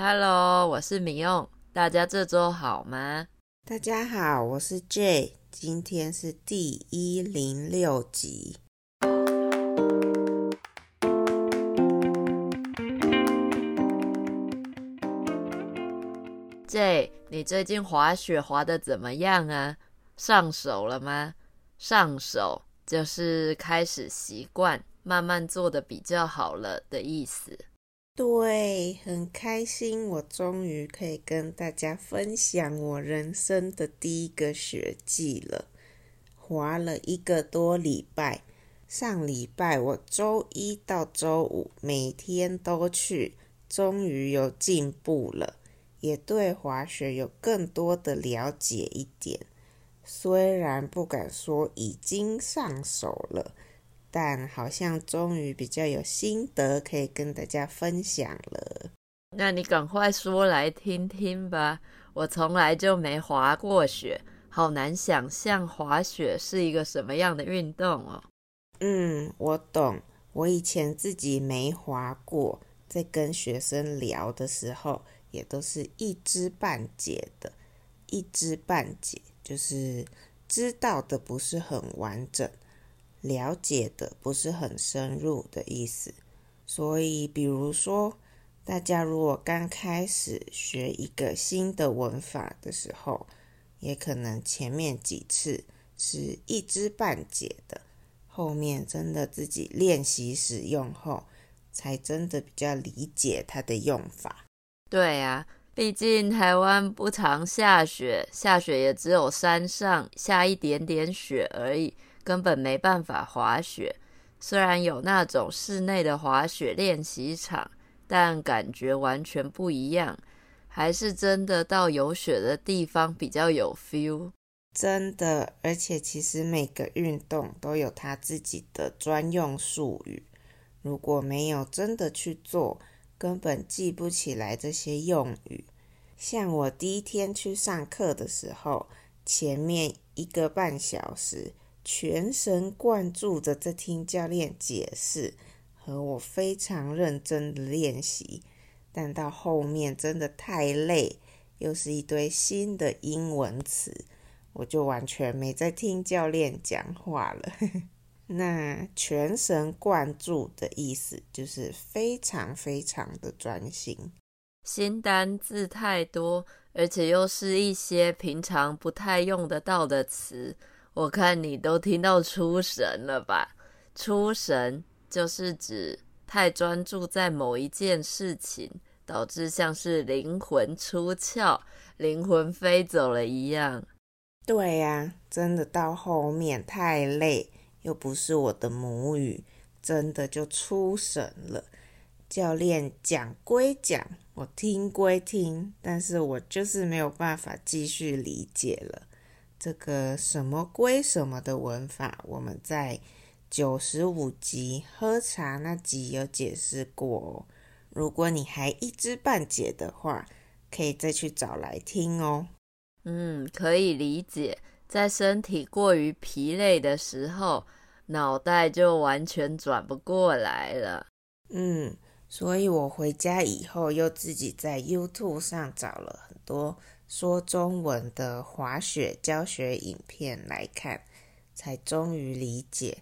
Hello，我是米用，大家這週好嗎？大家好，我是 Jay，今天是第一零六集。 J，你最近滑雪滑得怎麼樣啊？上手了嗎？上手就是開始習慣，慢慢做得比較好了的意思。對，很開心，我終於可以跟大家分享我人生的第一個雪季了。滑了一個多禮拜，上禮拜我周一到周五每天都去，終於有進步了，也對滑雪有更多的了解一點。雖然不敢說已經上手了。但好像終於比較有心得，可以跟大家分享了。那你趕快說來聽聽吧。我從來就沒滑過雪，好難想象滑雪是一個什麼樣的運動哦。嗯，我懂。我以前自己沒滑過，在跟學生聊的時候，也都是一知半解的。一知半解，就是知道的不是很完整。了解的不是很深入的意思，所以比如說，大家如果剛開始學一個新的文法的時候，也可能前面幾次是一知半解的，後面真的自己練習使用後，才真的比較理解它的用法。對呀、啊，畢竟台灣不常下雪，下雪也只有山上下一點點雪而已。根本沒辦法滑雪。雖然有那種室內的滑雪練習場，但感覺完全不一樣。還是真的到有雪的地方比較有 feel。真的，而且其實每個運動都有它自己的專用術語。如果沒有真的去做，根本記不起來這些用語。像我第一天去上課的時候，前面一個半小時，全神貫注的在聽教練解釋，和我非常認真的練習。但到後面真的太累，又是一堆新的英文詞，我就完全沒在聽教練講話了。 那全神貫注的意思就是非常非常的專心。新單字太多，而且又是一些平常不太用得到的詞。我看你都聽到出神了吧？出神就是指太專注在某一件事情，導致像是靈魂出竅、靈魂飛走了一樣。對呀，真的到後面太累，又不是我的母語，真的就出神了。教練講歸講，我聽歸聽，但是我就是沒有辦法繼續理解了。這個什麼歸什麼的文法，我們在九十五集喝茶那集有解釋過哦。如果你還一知半解的話，可以再去找來聽哦。嗯，可以理解，在身體過於疲累的時候，腦袋就完全轉不過來了。嗯，所以我回家以後又自己在 YouTube 上找了很多。說中文的滑雪教學影片，來看，才終於理解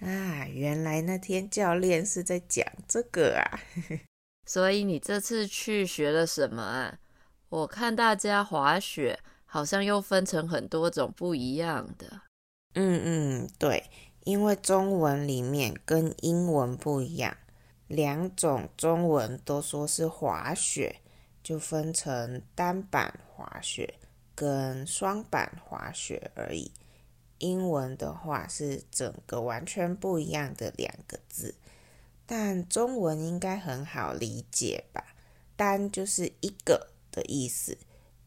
啊！原來那天教練是在講這個啊。 所以你這次去學了什麼啊？我看大家滑雪好像又分成很多種不一樣的。嗯嗯，對，因為中文裡面跟英文不一樣，兩種中文都說是滑雪。就分成單板滑雪跟雙板滑雪而已。英文的話是整個完全不一樣的兩個字，但中文應該很好理解吧？單就是一個的意思，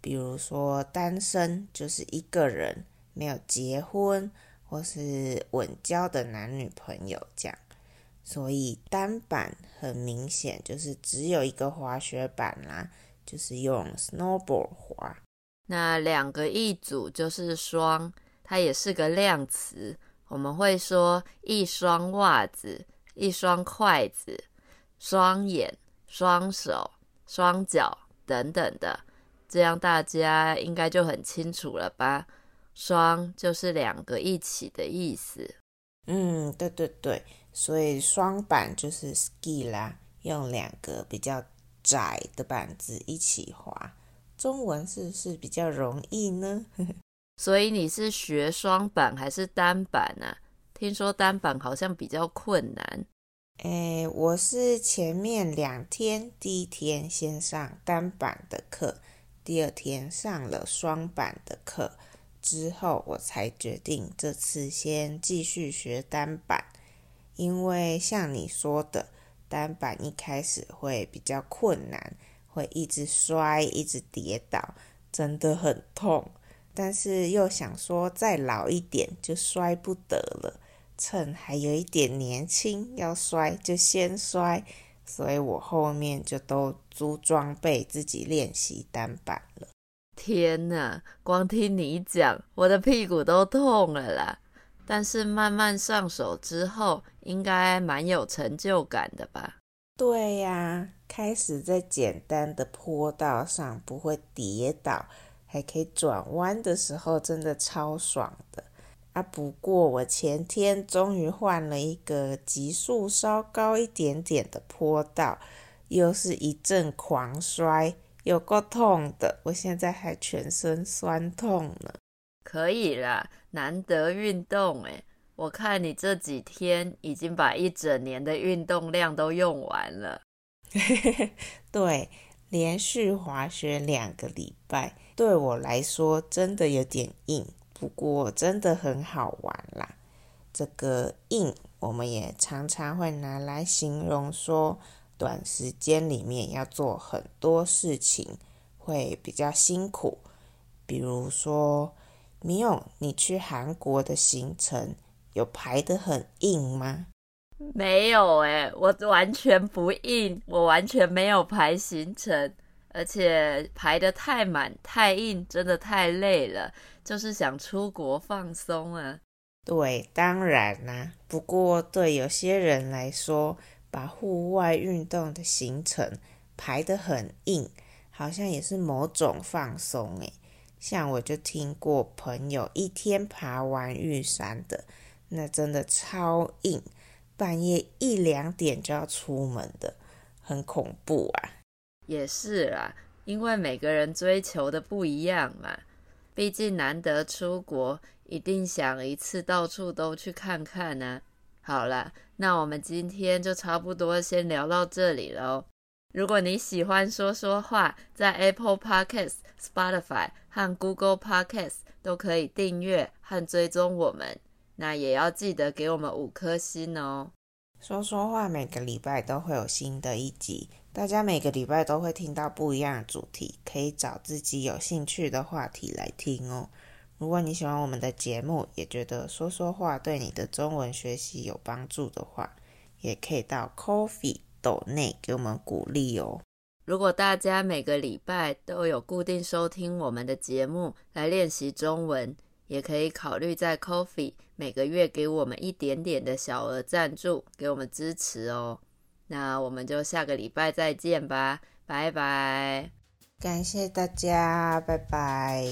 比如說單身就是一個人沒有結婚或是穩交的男女朋友這樣，所以單板很明顯就是只有一個滑雪板啦、啊。就是用 snowboard 滑。那兩個一組就是雙，它也是個量詞。我們會說一雙襪子、一雙筷子、雙眼、雙手、雙腳等等的。這樣大家應該就很清楚了吧？雙就是兩個一起的意思。嗯，對對對，所以雙板就是 ski 啦，用兩個比較。窄的板子一起滑，中文是不是比較容易呢？ 所以你是學雙板還是單板呢、啊？聽說單板好像比較困難。哎、欸，我是前面兩天，第一天先上單板的課，第二天上了雙板的課，之後我才決定這次先繼續學單板，因為像你說的。單板一開始會比較困難，會一直摔，一直跌倒，真的很痛。但是又想說再老一點就摔不得了，趁還有一點年輕，要摔就先摔。所以我後面就都租裝備自己練習單板了。天吶，光聽你講，我的屁股都痛了啦。但是慢慢上手之後，應該蠻有成就感的吧？對呀、啊，開始在簡單的坡道上不會跌倒，還可以轉彎的時候，真的超爽的啊！不過我前天終於換了一個極速稍高一點點的坡道，又是一陣狂摔，有夠痛的，我現在還全身酸痛呢。可以啦，難得運動哎、欸。我看你這幾天已經把一整年的運動量都用完了。 對，連續滑雪兩個禮拜，對我來說真的有點硬，不過真的很好玩啦。這個“硬”，我們也常常會拿來形容說，短時間裡面要做很多事情，會比較辛苦。比如說，你去韓國的行程。有排得很硬嗎？沒有、欸，我完全不硬，我完全沒有排行程，而且排得太滿太硬，真的太累了。就是想出國放鬆啊。對，當然啦、啊。不過對有些人來說，把戶外運動的行程排得很硬，好像也是某種放鬆哎、欸。像我就聽過朋友一天爬完玉山的。那真的超硬，半夜一兩點就要出門的，很恐怖啊！也是啦，因為每個人追求的不一樣嘛。畢竟難得出國，一定想一次到處都去看看啊。好啦，那我們今天就差不多先聊到這裡嘍。如果你喜歡說說話，在 Apple Podcasts、Spotify 和 Google Podcasts 都可以訂閱和追蹤我們。那也要記得給我們五顆星哦！說說話每個禮拜都會有新的一集，大家每個禮拜都會聽到不一樣的主題，可以找自己有興趣的話題來聽哦。如果你喜歡我們的節目，也覺得說說話對你的中文學習有幫助的話，也可以到 Ko-fi 斗內給我們鼓勵哦。如果大家每個禮拜都有固定收聽我們的節目來練習中文，也可以考慮在 Ko-fi。每個月給我們一點點的小額贊助，給我們支持哦。那我們就下個禮拜再見吧，拜拜。感謝大家，拜拜。